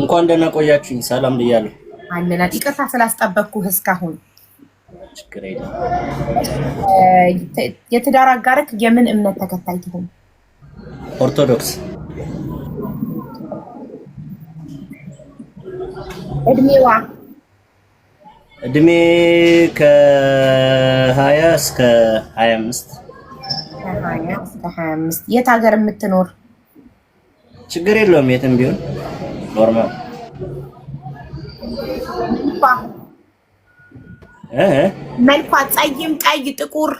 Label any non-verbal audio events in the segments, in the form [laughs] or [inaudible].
እንኳን ደህና ቆያችሁኝ። ሰላም ብያለሁ። አመናት ይቅርታ ስላስጠበቅኩ እስካሁን። ችግር የለም። የትዳር የምን እምነት ተከታይ ትሆን? ኦርቶዶክስ። እድሜዋ እድሜ ከሀያ እስከ ሀያ አምስት ከሀያ እስከ ሀያ አምስት የት ሀገር የምትኖር? ችግር የለውም የትም ቢሆን normal. መልኳ ፀይም ቀይ፣ ጥቁር፣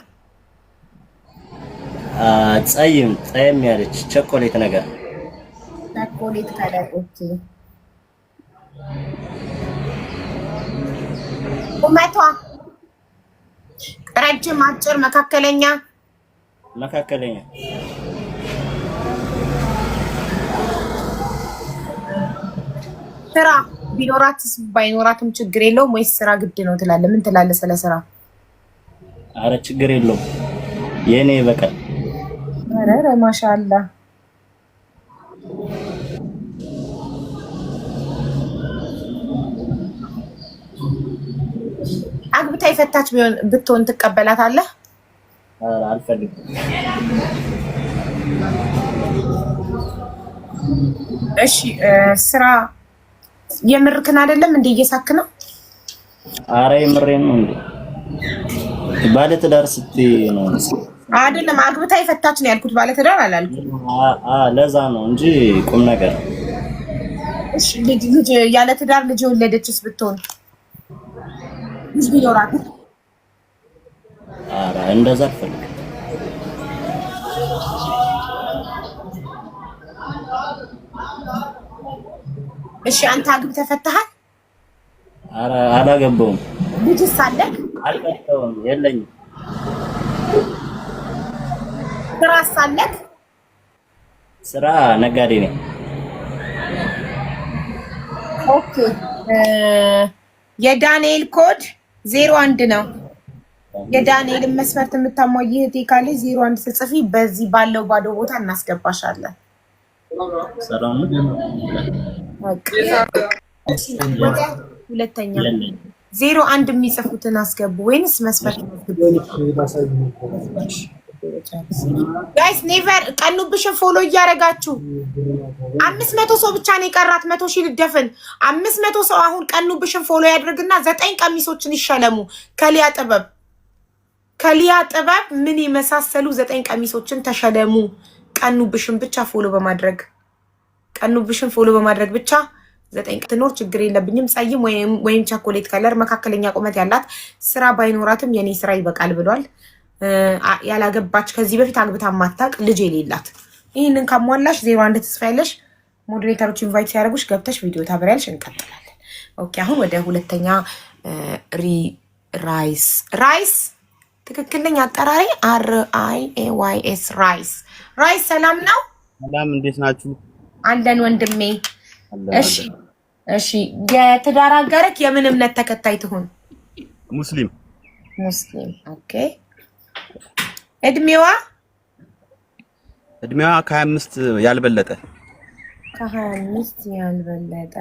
ጸይም ፀይም ያለች ቸኮሌት ነገር ቸኮሌት ከለቆች ቁመቷ ረጅም፣ አጭር፣ መካከለኛ መካከለኛ ስራ ቢኖራትስ ባይኖራትም ችግር የለውም ወይስ ስራ ግድ ነው ትላለህ? ምን ትላለህ ስለ ስራ? አረ ችግር የለውም የእኔ በቀል። አረ ማሻአላ አግብታ የፈታች ቢሆን ብትሆን ትቀበላታለህ? አልፈልግም። እሺ ስራ የምርክን አይደለም እንዴ? እየሳክ ነው። አረ የምሬን ነው እንዴ? ባለትዳር ስትይ ነው አይደለም? አግብታ የፈታች ነው ያልኩት፣ ባለ ባለትዳር አላልኩም። ለዛ ነው እንጂ ቁም ነገር እሺ ያለ ትዳር ልጅ የወለደችስ ብትሆን ቢኖራት እንደዛ አልፈልግም እሺ አንተ አግብ ተፈታሃል? አላገባውም። ልጅስ አለህ? አልቀጠውም፣ የለኝም። ስራ አለህ? ስራ ነጋዴ ነኝ። ኦኬ። የዳንኤል ኮድ ዜሮ አንድ ነው። የዳንኤልን መስፈርት የምታሟይ እህቴ ካለ ዜሮ አንድ ስጽፊ በዚህ ባለው ባዶ ቦታ እናስገባሻለን። ሰላም ሁለተኛ ዜሮ አንድ የሚጽፉትን አስገቡ፣ ወይንስ መስፈርት ጋይስ? ኔቨር ቀኑብሽን ፎሎ እያደረጋችሁ አምስት መቶ ሰው ብቻ ነው የቀራት። መቶ ሺህ ልደፍን አምስት መቶ ሰው አሁን ቀኑብሽን ፎሎ ያድርግና ዘጠኝ ቀሚሶችን ይሸለሙ ከሊያ ጥበብ ከሊያ ጥበብ ምን የመሳሰሉ ዘጠኝ ቀሚሶችን ተሸለሙ። ቀኑብሽን ብቻ ፎሎ በማድረግ ቀኑብሽን ፎሎ በማድረግ ብቻ ዘጠኝ ትኖር ችግር የለብኝም። ጸይም ወይም ቸኮሌት ከለር መካከለኛ ቁመት ያላት ስራ ባይኖራትም የኔ ስራ ይበቃል ብሏል። ያላገባች ከዚህ በፊት አግብታ ማታቅ ልጅ የሌላት ይህንን ካሟላሽ ዜሮ አንድ ተስፋ ያለሽ ሞዴሬተሮች ኢንቫይት ሲያደርጉሽ ገብተሽ ቪዲዮ ታበሪያለሽ። እንቀጥላለን። ኦኬ አሁን ወደ ሁለተኛ ሪ ራይስ ራይስ ትክክለኛ አጠራሪ አር አይ ኤ ዋይ ኤስ ራይስ ራይስ። ሰላም ነው። ሰላም እንዴት ናችሁ? አለን ወንድሜ። እሺ እሺ። የትዳር የምን እምነት ተከታይ ትሆን? ሙስሊም። ሙስሊም። ኦኬ። እድሜዋ እድሜዋ ከ25 ያልበለጠ ከ25 ያልበለጠ።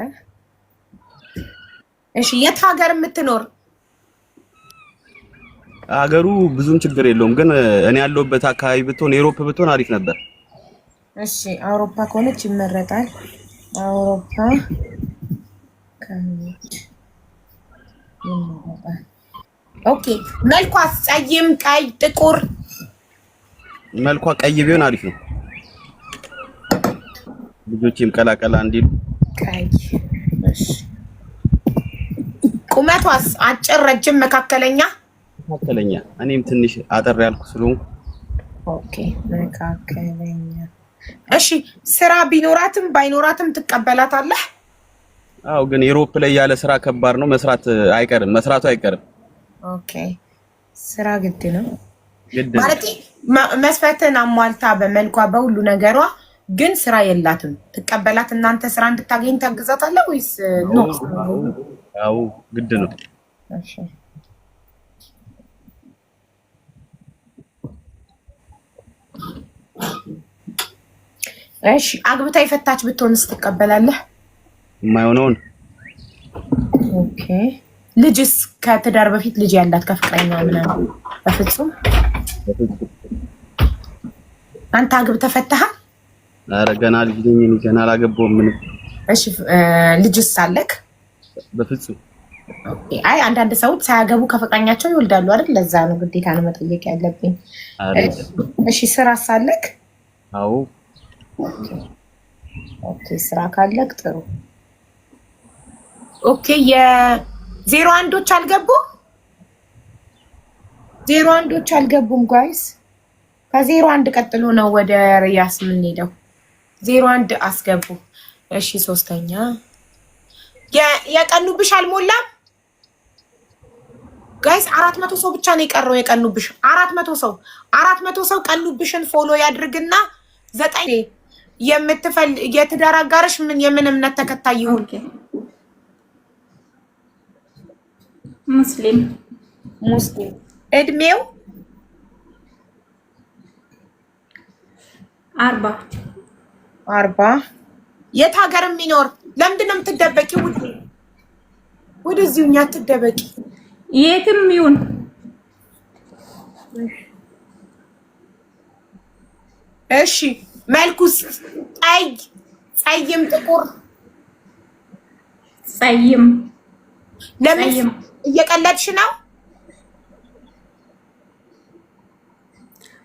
እሺ። የት ሀገር የምትኖር? ሀገሩ ብዙም ችግር የለውም ግን እኔ ያለሁበት አካባቢ ብትሆን፣ የሮፕ ብትሆን አሪፍ ነበር። እሺ አውሮፓ ከሆነች ይመረጣል። አውሮፓ ከሆነች ይመረጣል። ኦኬ መልኳስ ፀይም፣ ቀይ፣ ጥቁር መልኳ ቀይ ቢሆን አሪፍ ነው። ልጆቼም ቀላቀላ እንዲሉ ቀይ። እሺ ቁመቷስ አጭር፣ ረጅም፣ መካከለኛ መካከለኛ። እኔም ትንሽ አጠር ያልኩ ስለሆንኩ ኦኬ መካከለኛ እሺ ስራ ቢኖራትም ባይኖራትም ትቀበላታለህ? አው ግን ዩሮፕ ላይ ያለ ስራ ከባድ ነው። መስራት አይቀርም፣ መስራቱ አይቀርም። ኦኬ። ስራ ግድ ነው ማለት መስፈትን አሟልታ በመልኳ በሁሉ ነገሯ ግን ስራ የላትም። ትቀበላት እናንተ ስራ እንድታገኝ ታግዛታለህ ወይስ ኖ? አው ግድ ነው። እሺ Thank you. እሺ አግብታ የፈታች ብትሆንስ ትቀበላለህ? የማይሆነውን ልጅስ ከትዳር በፊት ልጅ ያላት ከፍቅረኛ ምናምን? በፍጹም አንተ አግብተህ ፈታሃል? ኧረ ገና ልጅ ነኝ ገና አላገባሁም ምንም። እሺ ልጅስ አለክ? በፍጹም አይ አንዳንድ ሰዎች ሳያገቡ ከፍቅረኛቸው ይወልዳሉ አይደል? ለዛ ነው ግዴታ ነው መጠየቅ ያለብኝ። እሺ ስራ ሳለክ? አዎ ኦኬ ስራ ካለክ ጥሩ። ኦኬ የዜሮ አንዶች አልገቡም። ዜሮ አንዶች አልገቡም ጋይስ። ከዜሮ አንድ ቀጥሎ ነው ወደ ሪያስ የምንሄደው። ዜሮ አንድ አስገቡ። እሺ ሶስተኛ የቀኑብሽ አልሞላም ጋይስ። አራት መቶ ሰው ብቻ ነው የቀረው የቀኑብሽ። አራት መቶ ሰው አራት መቶ ሰው ቀኑብሽን ፎሎ ያድርግና ዘጠኝ የምትፈል የትዳር አጋርሽ ምን የምን እምነት ተከታይ ይሁን? ሙስሊም ሙስሊም። እድሜው አርባ አርባ የት ሀገር የሚኖር? ለምንድን ነው የምትደበቂ? ወደዚሁ እኛ ትደበቂ። የትም ይሁን እሺ መልኩስ ቀይ ፀይም፣ ጥቁር ፀይም። ለምን እየቀለድሽ ነው?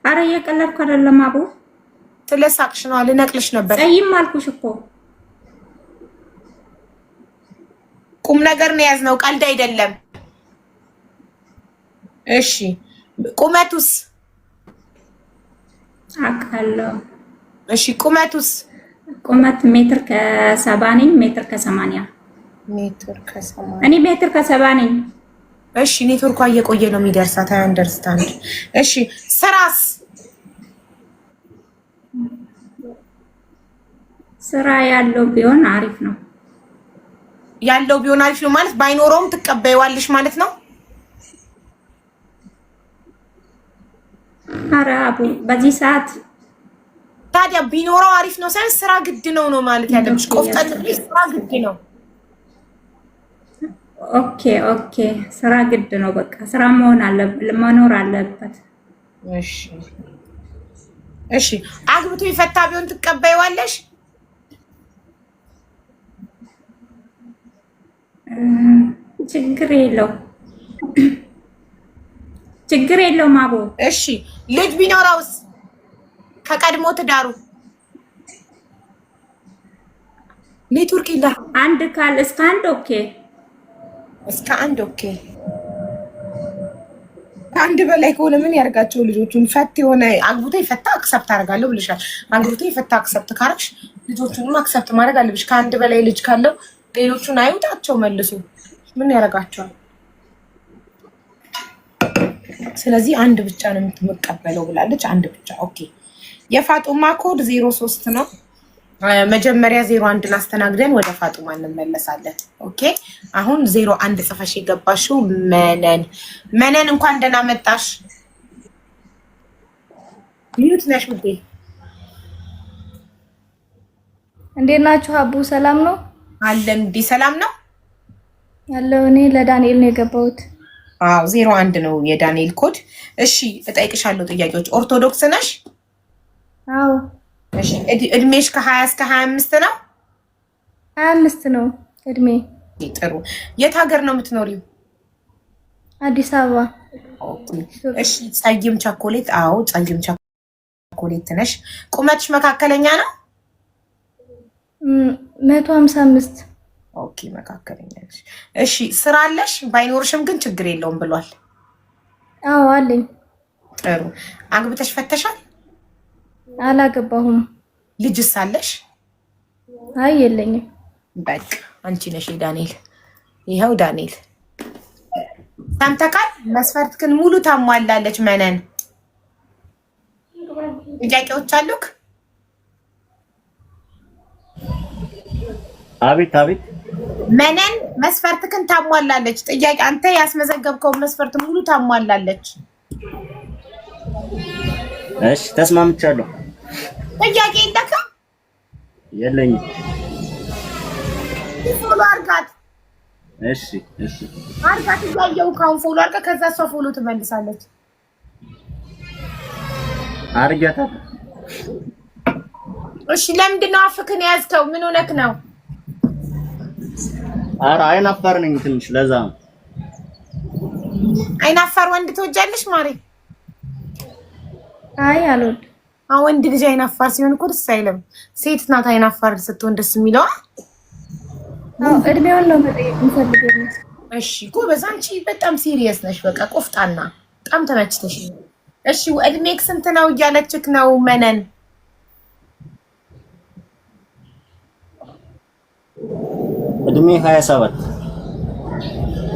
አረ እየቀለድኩ አይደለም። አቦ ትለሳቅሽ ነው። ልነቅልሽ ነበር። ፀይም አልኩሽ እኮ ቁም ነገር ነው የያዝነው፣ ቀልድ አይደለም። እሺ ቁመቱስ አውቃለሁ እሺ ቁመቱስ? ቁመት ሜትር ከሰባ ነኝ። ሜትር ከሰማንያ ሜትር ከሰማንያ እኔ ሜትር ከሰባ ነኝ። እሺ ኔትወርኳ እየቆየ ነው የሚደርሳት። አይ አንደርስታንድ። እሺ ስራስ? ስራ ያለው ቢሆን አሪፍ ነው። ያለው ቢሆን አሪፍ ነው ማለት ባይኖረውም ትቀበይዋለሽ ማለት ነው። ኧረ አቡ በዚህ ሰዓት ታዲያ ቢኖረው አሪፍ ነው ሳይሆን ስራ ግድ ነው ነው ማለት ያለብሽ። ቆፍጠን ስራ ግድ ነው። ኦኬ ኦኬ፣ ስራ ግድ ነው። በቃ ስራ መሆን አለበት፣ መኖር አለበት። እሺ እሺ። አግብቶ ይፈታ ቢሆን ትቀበይዋለሽ? ችግር የለው ችግር የለው ማቦ። እሺ፣ ልጅ ቢኖረውስ ከቀድሞ ትዳሩ ኔትወርክ ይላ አንድ ካል እስከ አንድ ኦኬ፣ እስከ አንድ ኦኬ። ከአንድ በላይ ከሆነ ምን ያደርጋቸው ልጆቹን? ፈት የሆነ አግብቶ ይፈታ አክሰብት አደርጋለሁ ብልሻል። አግብቶ የፈታ አክሰብት ካረግሽ ልጆቹንም አክሰፕት ማድረግ አለብሽ። ከአንድ በላይ ልጅ ካለው ሌሎቹን አይውጣቸው መልሶ ምን ያደርጋቸዋል? ስለዚህ አንድ ብቻ ነው የምትመቀበለው ብላለች። አንድ ብቻ ኦኬ። የፋጡማ ኮድ ዜሮ ሶስት ነው። መጀመሪያ ዜሮ አንድን አስተናግደን ወደ ፋጡማ እንመለሳለን። ኦኬ አሁን ዜሮ አንድ ጽፈሽ የገባሽው መነን መነን፣ እንኳን ደህና መጣሽ። ሚዩት ነሽ ውዴ። እንዴት ናችሁ? አቡ ሰላም ነው አለን። ቢ ሰላም ነው ያለው። እኔ ለዳንኤል ነው የገባሁት። አዎ ዜሮ አንድ ነው የዳንኤል ኮድ። እሺ እጠይቅሻለሁ ጥያቄዎች። ኦርቶዶክስ ነሽ? አዎ እድሜሽ ከሀያ እስከ ሀያ አምስት ነው። ሀያ አምስት ነው እድሜ። ጥሩ። የት ሀገር ነው የምትኖሪው? አዲስ አበባ። እሺ። ጸይም ቸኮሌት። አዎ፣ ጸይም ቸኮሌት ነሽ። ቁመትሽ መካከለኛ ነው። መቶ ሀምሳ አምስት ኦኬ፣ መካከለኛ ነሽ። እሺ። ስራ አለሽ? ባይኖርሽም ግን ችግር የለውም ብሏል። አዎ አለኝ። ጥሩ። አግብተሽ ፈተሻል? አላገባሁም። ልጅስ አለሽ? አይ የለኝም። በቃ አንቺ ነሽ ዳንኤል። ይኸው ዳንኤል ሰምተካል። መስፈርት ግን ሙሉ ታሟላለች። መነን ጥያቄዎች አሉክ? አቤት አቤት። መነን መስፈርት ክን ታሟላለች። ጥያቄ አንተ ያስመዘገብከውን መስፈርት ሙሉ ታሟላለች። እሺ ተስማምቻለሁ። ጥያቄ ይጠቀም የለኝም። ፎሎ አድርጋት። እሺ እሺ፣ አድርጋት እያየሁ ካሁን ፎሎ አድርጋ፣ ከዛ እሷ ፎሎ ትመልሳለች። አድርጊያታል። እሺ፣ ለምንድን ነው አፍክን የያዝከው? ምን ሆነክ ነው? ኧረ አይናፋር ነኝ ትንሽ፣ ለዛ ነው። አይናፋር ወንድ ትወጃለሽ ማሬ? አይ አልወድም አሁን ወንድ ልጅ አይናፋር ሲሆን እኮ ደስ አይልም። ሴት ናት አይናፋር ስትሆን ደስ የሚለዋ። እድሜውን ነው መጠየቅ የምፈልገው። እሺ እኮ በዛ አንቺ በጣም ሲሪየስ ነሽ። በቃ ቆፍጣና በጣም ተመችተሽ። እሺ እድሜክ ስንት ነው እያለችክ ነው መነን እድሜ ሀያ ሰባት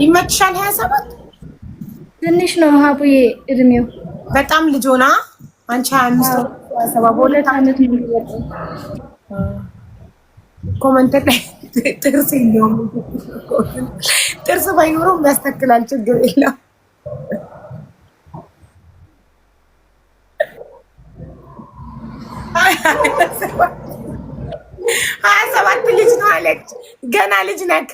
ይመችሻል? ሀያ ሰባት ትንሽ ነው ሀቡዬ እድሜው በጣም ልጆና አንቺ ሀያ አምስት ሰባ በሁለት ዓመት ኮመንት ላይ ጥርስ የለውም ጥርስ ባይኖረው ያስተክላል፣ ችግር የለም። ሀያ ሰባት ልጅ ነው አለች። ገና ልጅ ነክ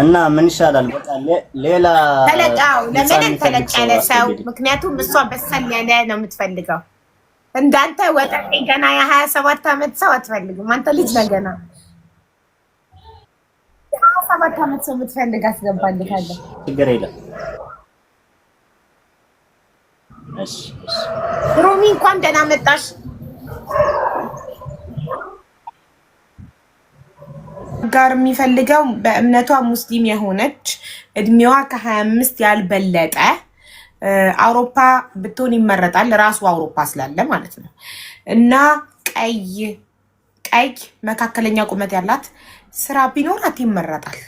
እና ምን ይሻላል? ሌላ ተለቃው ለምንም ተለቅ ሰው ምክንያቱም እሷ በሰል ያለ ነው የምትፈልገው። እንዳንተ ወጣት ገና የሀያ ሰባት ዓመት ሰው አትፈልግም። አንተ ልጅ ነህ ገና የሀያ ሰባት ዓመት ሰው የምትፈልግ አስገባልካለሁ። ችግር የለም። ሮሚ እንኳን ደህና መጣሽ። ጋር የሚፈልገው በእምነቷ ሙስሊም የሆነች እድሜዋ ከሀያ አምስት ያልበለጠ አውሮፓ ብትሆን ይመረጣል። ራሱ አውሮፓ ስላለ ማለት ነው። እና ቀይ ቀይ መካከለኛ ቁመት ያላት ስራ ቢኖራት ይመረጣል።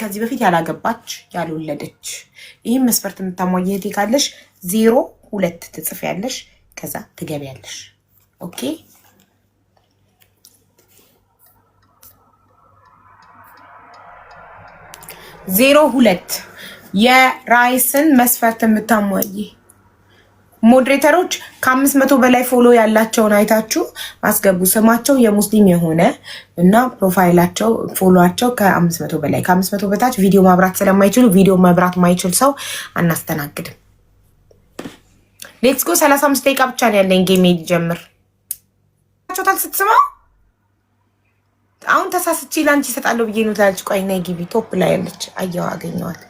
ከዚህ በፊት ያላገባች ያልወለደች፣ ይህም መስፈርት የምታሟይ እህቴ ካለሽ ዜሮ ሁለት ያለሽ ከዛ ትገቢያለሽ። ኦኬ ዜሮ ሁለት የራይስን መስፈርት የምታሟይ ሞዴሬተሮች ከአምስት መቶ በላይ ፎሎ ያላቸውን አይታችሁ አስገቡ። ስማቸው የሙስሊም የሆነ እና ፕሮፋይላቸው ፎሎቸው ከአምስት መቶ በላይ ከአምስት መቶ በታች ቪዲዮ ማብራት ስለማይችሉ ቪዲዮ መብራት ማይችል ሰው አናስተናግድም። ሌትስጎ ሰላሳ አምስት ደቂቃ ብቻ ነው ያለኝ። ጌሜ ሊጀምር ስትስማ አሁን ተሳስቼ ለአንቺ ይሰጣለሁ ብዬ ነው ትላለች። ቆይ ነይ ግቢ ቶፕ ላይ ያለች አየሁ አገኘዋል።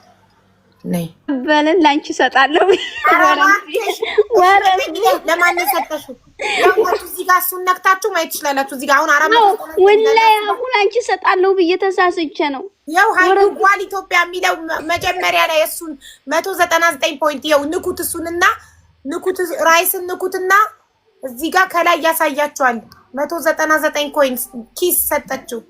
ነይ በልን ለአንቺ ይሰጣለሁ። ለማንን ማየት ትችላላችሁ። እዚህ ጋር አሁን አሁን አንቺ ይሰጣለሁ ብዬ ተሳስቼ ነው። ያው ሀይሉ ጓል ኢትዮጵያ የሚለው መጀመሪያ ላይ እሱን መቶ ዘጠና ዘጠኝ ፖይንት ያው ንኩት፣ እሱንና ንኩት፣ ራይስን ንኩትና እዚህ ጋር ከላይ ያሳያችኋል መቶ ዘጠና ዘጠኝ ኮይን ኪስ ሰጠችው።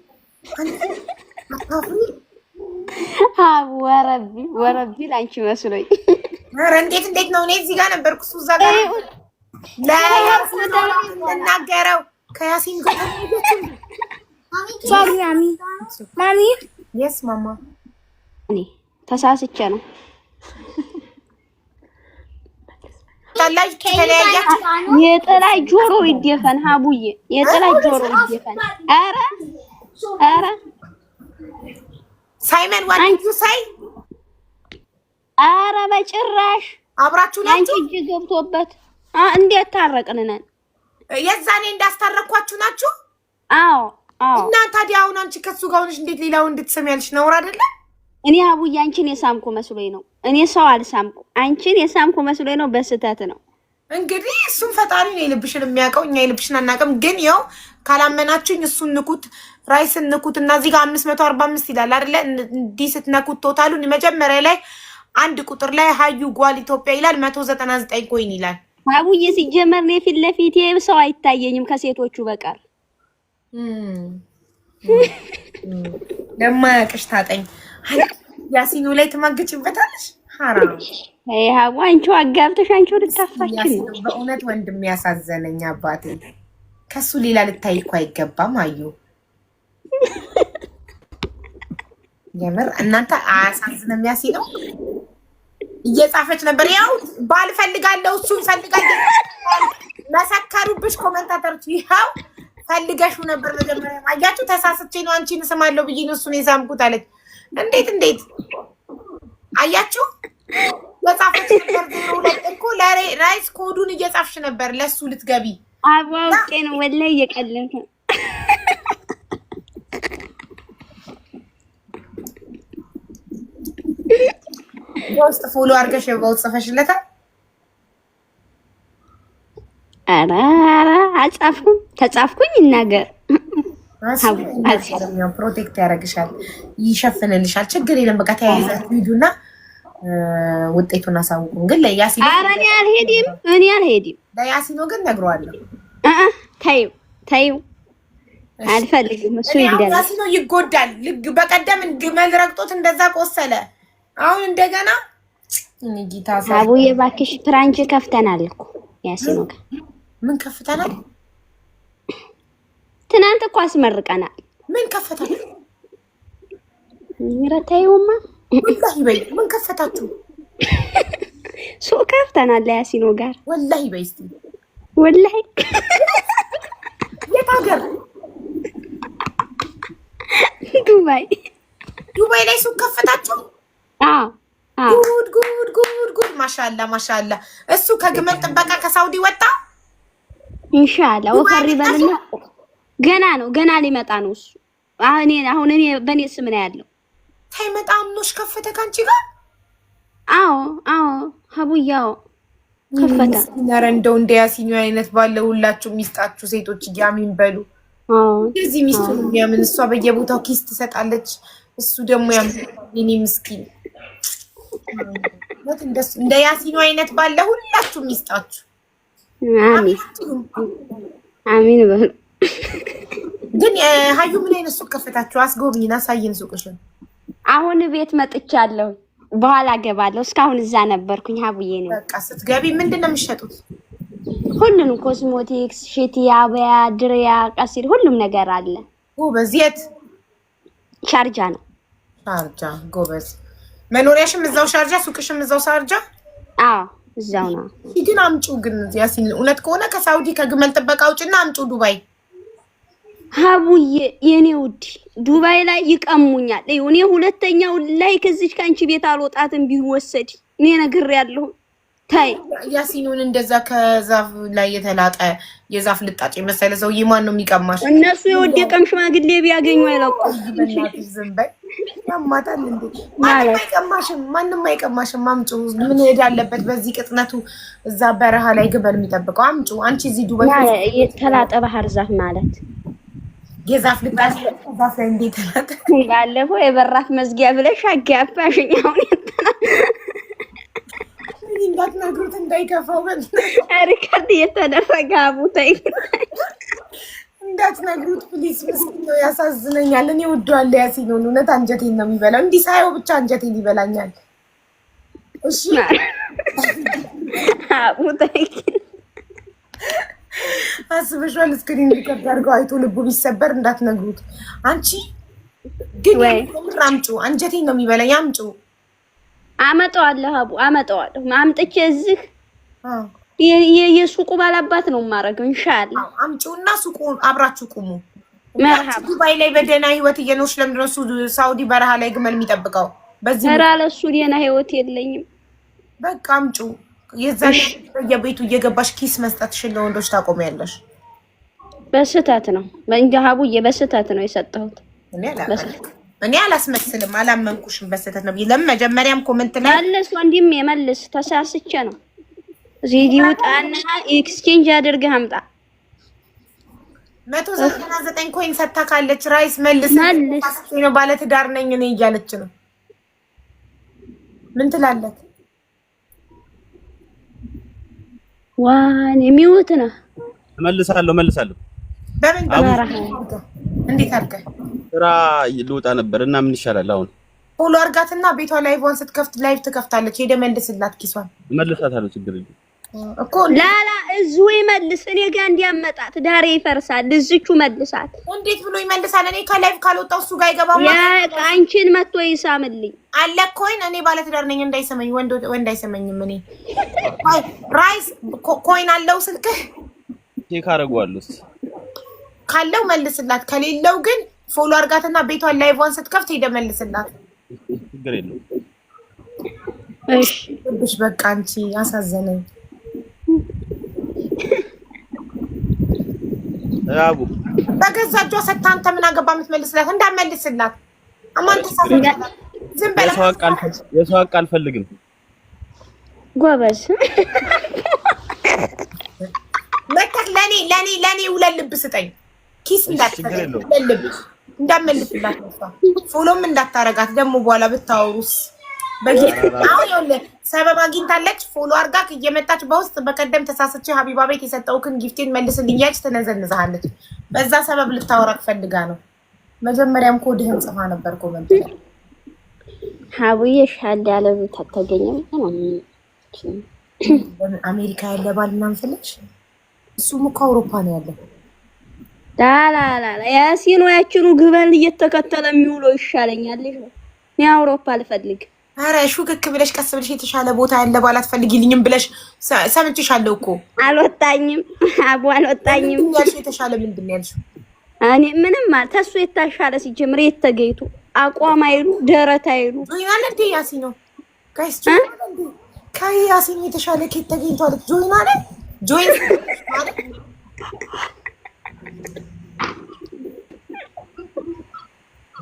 ወረቢ ወረቢ ላንቺ መስሎኝ። ኧረ እንዴት እንዴት ነው? እኔ እዚህ ጋር ነበርኩ፣ እሱ እዛ ጋር ለናገረው ከያሲን ጋር ማሚ የስ ማማ እኔ ተሳስቼ ነው የጥላይ ጆሮ ይደፈን ሀቡዬ፣ የጥላይ ጆሮ ይደፈን። ኧረ ኧረ ሳይመን ዋንጁ ሳይ ኧረ በጭራሽ አብራችሁ ናችሁ። እጅ ገብቶበት እንዴት ታረቅን ነን የዛኔ እንዳስታረኳችሁ ናችሁ። አዎ አዎ። እና ታዲያ አሁን አንቺ ከሱ ጋር ሆነሽ እንዴት ሌላውን እንድትሰሚያለሽ ነውር አይደለም? እኔ ሀቡዬ አንቺን የሳምኩ መስሎኝ ነው። እኔ ሰው አልሳምኩ፣ አንቺን የሳምኩ መስሎ ነው። በስህተት ነው እንግዲህ። እሱን ፈጣሪ ነው የልብሽን የሚያውቀው፣ እኛ የልብሽን አናውቅም። ግን ያው ካላመናችሁኝ እሱን ንኩት፣ ራይስ ንኩት እና እዚህ ጋር አምስት መቶ አርባ አምስት ይላል አይደለ? እንዲህ ስትነኩት ቶታሉን መጀመሪያ ላይ አንድ ቁጥር ላይ ሀዩ ጓል ኢትዮጵያ ይላል፣ መቶ ዘጠና ዘጠኝ ኮይን ይላል። አቡዬ ሲጀመር ነው የፊት ለፊቴ ሰው አይታየኝም ከሴቶቹ በቀር ለማያውቅሽ ታጠኝ ያሲኑ ላይ ትማግጭበታለሽ። ሀራም አንቺው አጋብተሽ አንቺው ልታፋችን በእውነት ወንድም ያሳዘነኝ አባቴ ከሱ ሌላ ልታይ እኮ አይገባም። አዩ የምር እናንተ አያሳዝንም? ነው እየጻፈች ነበር። ያው ባል ፈልጋለሁ እሱን ፈልጋለሁ መሰከሩብሽ ኮመንታተሮች። ይኸው ፈልገሽው ነበር መጀመሪያ። አያችሁ ተሳስቼ ነው አንቺን ስማለሁ ብዬ ነው እሱን የዛምኩት አለች። እንዴት እንዴት አያችሁ የጻፈች ነበር ሁለት እኮ ራይስ ኮዱን እየጻፍሽ ነበር ለሱ ልትገቢ አዋውቄ ነው ወላሂ እየቀለድኩ በውስጥ ፎሎ አድርገሽ በውስጥ ጽፈሽለታል አራ ኧረ አልጻፍኩም ተጻፍኩኝ እናገር ፕሮቴክት ያደርግሻል፣ ይሸፍንልሻል። ችግር የለም። በቃ ተያይዛችሁ ሂዱና ውጤቱን አሳውቁን። ግን ለያሲኖ እኔ አልሄድም፣ እኔ አልሄድም። ለያሲኖ ግን ነግሯለሁ። ተይው፣ ተይው አልፈልግም። እሱ ያሲኖ ይጎዳል። በቀደም ግመል ረግጦት እንደዛ ቆሰለ። አሁን እንደገና ጌታ አቡዬ፣ እባክሽ ፕራንች ከፍተናል እኮ ያሲኖ ጋር ምን ከፍተናል ትናንት እኮ አስመርቀናል። ምን ከፈታችሁ? ኧረ ተይውማ ወላሂ በይ። ምን ከፈታችሁ? ሱቅ ከፍተናል ያሲኖ ጋር ወላሂ በይ። እስኪ ወላሂ የት ሀገር? ዱባይ ዱባይ ላይ ሱቅ ከፈታችሁ? አዎ ጉድ ጉድ ጉድ ጉድ! ማሻላ ማሻላ። እሱ ከግመል ጥበቃ ከሳውዲ ወጣ። ኢንሻአላ ወፈሪ በልና ገና ነው፣ ገና ሊመጣ ነው እሱ። አሁን አሁን እኔ በእኔ ስም ነው ያለው። ታይመጣ አምኖሽ ከፈተ ካንቺ ጋር። አዎ አዎ፣ ሀቡያው ከፈተ። ኧረ እንደው እንደ ያሲኒ አይነት ባለ ሁላችሁ ሚስጣችሁ ሴቶች እያሚን በሉ። እንደዚህ ሚስቱን የሚያምን እሷ በየቦታው ኪስ ትሰጣለች፣ እሱ ደግሞ ያምን ምስኪን እንደ ያሲኑ አይነት ባለ ሁላችሁ ሚስጣችሁ። አሚን አሚን በሉ። [laughs] ግን ሀዩ ምን አይነት ሱቅ ከፈታችሁ? አስጎብኝን፣ አሳየን ሱቅሽን። አሁን ቤት መጥቻለሁ። በኋላ ገባለሁ። እስካሁን እዛ ነበርኩኝ። ሀቡዬ ነው በቃ። ስትገቢ ምንድን ነው የሚሸጡት? ሁሉንም ኮስሞቲክስ፣ ሽቲ፣ አበያ፣ ድሪያ፣ ቀሲል ሁሉም ነገር አለ። ጎበዝ። የት? ሻርጃ ነው። ሻርጃ። ጎበዝ። መኖሪያሽም እዛው ሻርጃ፣ ሱቅሽም እዛው ሻርጃ? አዎ እዛው ነው። ግን አምጪው ግን ያሲን፣ እውነት ከሆነ ከሳውዲ ከግመል ጥበቃ አውጭና አምጪው ዱባይ ሀቡዬ የኔ ውድ ዱባይ ላይ ይቀሙኛል። እኔ ሁለተኛው ላይ ከዚች ከአንቺ ቤት አልወጣትም ቢወሰድ እኔ ነግር ያለሁ ታይ ያሲኑን እንደዛ ከዛፍ ላይ የተላጠ የዛፍ ልጣጭ የመሰለ ሰውዬ ማን ነው የሚቀማሽ? እነሱ የወደቀም ሽማግሌ ቢያገኙ አይለቁም። ዝም እንዴ! ማንም አይቀማሽም፣ ማንም አይቀማሽም። አምጩ ምን ሄድ አለበት በዚህ ቅጥነቱ እዛ በረሃ ላይ ግበር የሚጠብቀው አምጩ። አንቺ እዚህ ዱባይ የተላጠ ባህር ዛፍ ማለት የዛፍ ልጣስ ዛፍ ላይ እንዴት ባለፈው የበራፍ መዝጊያ ብለሽ አጋባሽኝ። አሁን እንዳትናግሩት እንዳይከፋው ሪከርድ እየተደረገ አቡታ እንዳትነግሩት ፕሊስ። ምስኪን ነው፣ ያሳዝነኛል። እኔ ወደዋለሁ ያሲኖን፣ እውነት አንጀቴን ነው የሚበላው። እንዲህ ሳየው ብቻ አንጀቴን ይበላኛል። እሺ አቡ ተይኪን አስበሽዋል? እስክሪን ሪከርድ አድርገው አይቶ ልቡ ቢሰበር እንዳትነግሩት። አንቺ ግን አምጩ፣ አንጀቴ ነው የሚበላኝ። አምጩ። አመጣዋለሁ፣ አቡ አመጣዋለሁ። አምጥቼ እዚህ የሱቁ ባላባት ነው የማደርገው። እንሻላ አምጪውና ሱቁ አብራችሁ ቁሙ። ዱባይ ላይ በደህና ህይወት እየኖርሽ ለምንድን ነው እሱ ሳውዲ በረሃ ላይ ግመል የሚጠብቀው? በዚህ ራ ለሱ ደህና ህይወት የለኝም። በቃ አምጪው። የዛን የቤቱ እየገባሽ ኪስ መስጠትሽን ለወንዶች ታቆሚያለሽ። በስህተት ነው እንደ ሀቡዬ በስህተት ነው የሰጠሁት። እኔ አላስመስልም፣ አላመንኩሽም። በስህተት ነው። ለመጀመሪያም ኮመንት ላይ መልስ፣ ተሳስቼ ነው ኤክስቼንጅ አምጣ። መቶ ዘጠና ዘጠኝ ኮይን ሰታ ካለች ራይስ መልስ ነው። ባለትዳር ነኝ እኔ እያለች ነው። ምን ትላለህ? ዋን የሚሞት ነው። እመልሳለሁ እመልሳለሁ። በምን እንዴት አድርገህ ስራ ልውጣ ነበር እና ምን ይሻላል አሁን? ሁሉ አድርጋትና ቤቷ ላይቭ ዋን ስትከፍት ላይቭ ትከፍታለች። ሄደ መልስላት ኪሷን። እመልሳታለሁ ችግር የለም እኮ ላላ እዙ ይመልስ። እኔ ጋር እንዲያመጣት ዳሬ ይፈርሳል። እዝቹ መልሳት። እንዴት ብሎ ይመልሳል? እኔ ከላይፍ ካልወጣው እሱ ጋር ይገባል። አንቺን መጥቶ ይሳምልኝ አለ ኮይን። እኔ ባለትዳር ነኝ እንዳይሰማኝ፣ ወንድ አይሰማኝም። እኔ ራይስ ኮይን አለው ስልክህ ቼክ አደርገዋለሁ። ካለው መልስላት፣ ከሌለው ግን ፎሎ አድርጋትና ቤቷን ላይቭዋን ስትከፍት ሄደህ መልስላት። ችግር የለውም። እሺ፣ በቃ አንቺ አሳዘነኝ። ራቡ በገዛ እጇ ሰጥታ አንተ ምን አገባ የምትመልስላት እንዳትመልስላት። አማንተ ዝም በለው። የሰው አቃል አልፈልግም ጎበዝ። መከት ለኔ ለኔ ለኔ ሁለት ልብ ስጠኝ ኪስ እንዳትፈልግ እንዳትመልስላት። ፎሎም እንዳታረጋት ደግሞ በኋላ ብታወሩስ በጌሁን ሰበብ አግኝታለች። ፎሎ አርጋ እየመጣች በውስጥ በቀደም ተሳስቼ ሀቢባ ቤት የሰጠውክን ጊፍቴን መልስልኝ እያለች ትነዘንዝሃለች። በዛ ሰበብ ልታወራክ ፈልጋ ነው። መጀመሪያም ኮድህን ጽፋ ነበር። ኮመንት ሀቡዬ ሻል ያለ ቤት አሜሪካ ያለ ባል ምናምን እሱም እኮ አውሮፓ ነው ያለው። ያሲኖ ያችኑ እየተከተለ የሚውለው ይሻለኛል። እኔ አውሮፓ አልፈልግም። አረ ሹክክ ብለሽ ቀስ ብለሽ የተሻለ ቦታ ያለ ባል አትፈልጊልኝም ብለሽ ሰምቼሻለሁ እኮ። አልወጣኝም፣ አቡ አልወጣኝም። ያልሽ የተሻለ ምንድን ነው ያልሽው? እኔ ምንም አል ተሱ የታሻለ ሲጀምር የተገይቱ አቋም አይሉ ደረት አይሉ ጆይና ያሲ ነው ጋይስ። ጆይና ያሲ ነው የተሻለ ከየት ተገኝቷል? ጆይና ላይ ጆይና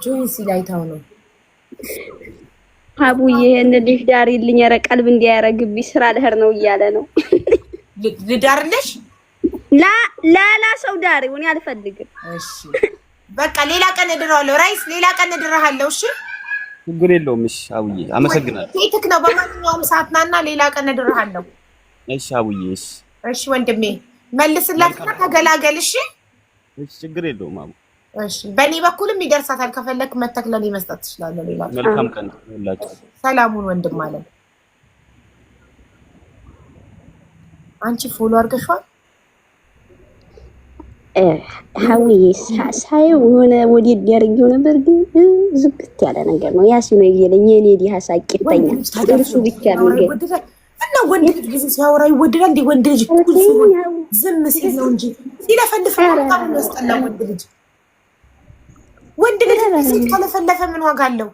ጆይን ሲላይታው ነው ሀቡ ይሄን ልጅ ዳሪልኝ፣ ኧረ ቀልብ እንዲያረግብኝ ስራ ልሄድ ነው እያለ ነው። ልዳርልሽ? ላ ላላ ሰው ዳሪ ሆኔ አልፈልግም። እሺ በቃ ሌላ ቀን እድረዋለሁ። ራይስ ሌላ ቀን እድረሃለሁ። እሺ ችግር የለውም። እሺ አቡዬ አመሰግናለሁ። ቴክክ ነው። በማንኛውም ሰዓት ናና ሌላ ቀን እድረሃለሁ። እሺ አቡዬ። እሺ እሺ ወንድሜ መልስላትና ተገላገል። እሺ እሺ ችግር የለውም አቡ በእኔ በኩልም ይደርሳታል። ከፈለክ መተክ ለኔ መስጠት ትችላለህ። ሌላ ሰላሙን ወንድም አለን። አንቺ ፎሎ አድርገሽዋል። ሀውዬ ሳየው የሆነ ወዴድ ያደርጊው ነበር፣ ግን ዝግት ያለ ነገር ነው። ያሲኖ ይለኝ የኔ ዲህ ሳቂተኛ እርሱ ብቻ ነገር እና ወንድ ልጅ ጊዜ ሲያወራ ይወደዳል። እንደ ወንድ ልጅ ዝም ሲል ነው እንጂ ሲለፈልፍ ያስጠላ ወንድ ልጅ ወንድ ልጅ ካለፈለፈ ምን ዋጋ አለው?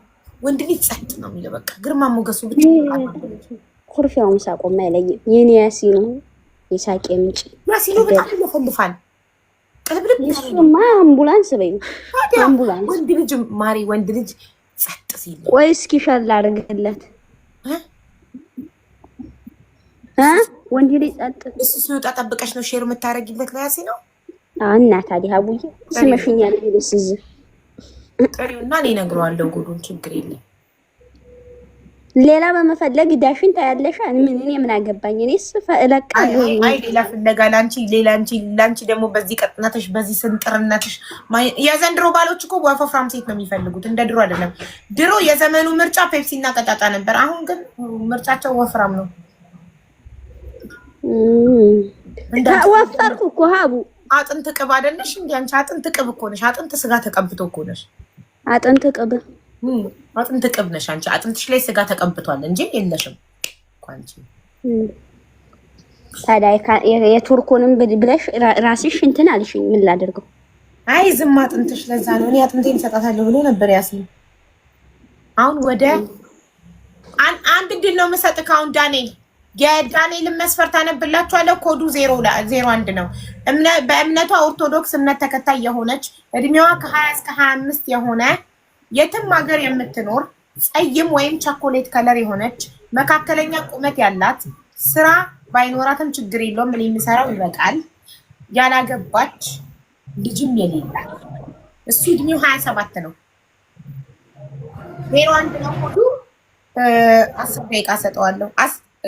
ወንድ ልጅ ጸጥ ነው የሚለው። በቃ ግርማ ሞገሱ ብቻ ኩርፊያውን ሳቆም አይለይም። የኔ ያሲኑ የሳቄ ምንጭ ያሲኑ በጣም ይለፈልፋል። እሱማ አምቡላንስ በይ አምቡላንስ። ወንድ ልጅ ማሪ፣ ወንድ ልጅ ጸጥ ሲል ወይ እስኪ ሻል አድርግለት። ወንድ ልጅ ጸጥ እሱ ሲወጣ ጠብቀሽ ነው ሼር የምታደርጊለት ለያሲ ነው እና ታዲያ አቡዬ ስመሽኛል ልስዝ ጥሪውና እኔ እነግረዋለሁ ጉዱን። ችግር የለም። ሌላ በመፈለግ ዳሽን ታያለሽ። ምን እኔ ምን አገባኝ? እኔ እኔስ እለቃለሁ። አይ ሌላ ፍለጋ ላንቺ ሌላ አንቺ ላንቺ ደግሞ በዚህ ቀጥነትሽ፣ በዚህ ስንጥርነትሽ። የዘንድሮ ባሎች እኮ ወፈፍራም ሴት ነው የሚፈልጉት፣ እንደ ድሮ አይደለም። ድሮ የዘመኑ ምርጫ ፔፕሲ እና ቀጫጫ ነበር። አሁን ግን ምርጫቸው ወፍራም ነው። ወፈርኩ እኮ ሀቡ አጥንት ቅብ አይደለሽ እንዴ? አንቺ አጥንት ቅብ እኮ ነሽ። አጥንት ስጋ ተቀብቶ እኮ ነሽ። አጥንት ቅብ አጥንት ቅብ ነሽ አንቺ። አጥንትሽ ላይ ስጋ ተቀብቷል እንጂ የለሽም እኮ አንቺ። ታዲያ የቱርኩንም ብለሽ ራስሽ እንትን አልሽኝ። ምን ላደርገው? አይ ዝም አጥንትሽ ለዛ ነው። እኔ አጥንቴን እሰጣታለሁ ብሎ ነበር ያስኝ። አሁን ወደ አንድ ነው ከአሁን ዳንኤል የዳንኤልን መስፈርት አነብላችኋለሁ። ኮዱ ዜሮ አንድ ነው። በእምነቷ ኦርቶዶክስ እምነት ተከታይ የሆነች እድሜዋ ከሀያ እስከ ሀያ አምስት የሆነ የትም ሀገር የምትኖር ጸይም ወይም ቸኮሌት ከለር የሆነች መካከለኛ ቁመት ያላት ስራ ባይኖራትም ችግር የለውም ምን የሚሰራው ይበቃል ያላገባች ልጅም የሌላት እሱ እድሜው ሀያ ሰባት ነው። ዜሮ አንድ ነው ኮዱ አስር ደቂቃ ሰጠዋለሁ።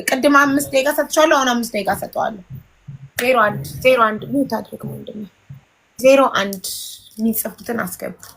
ቅድም አምስት ደቂቃ ሰጥቻለሁ። አሁን አምስት ደቂቃ ሰጠዋለሁ። ዜሮ አንድ ዜሮ አንድ ዜሮ አንድ የሚጽፉትን አስገቡ።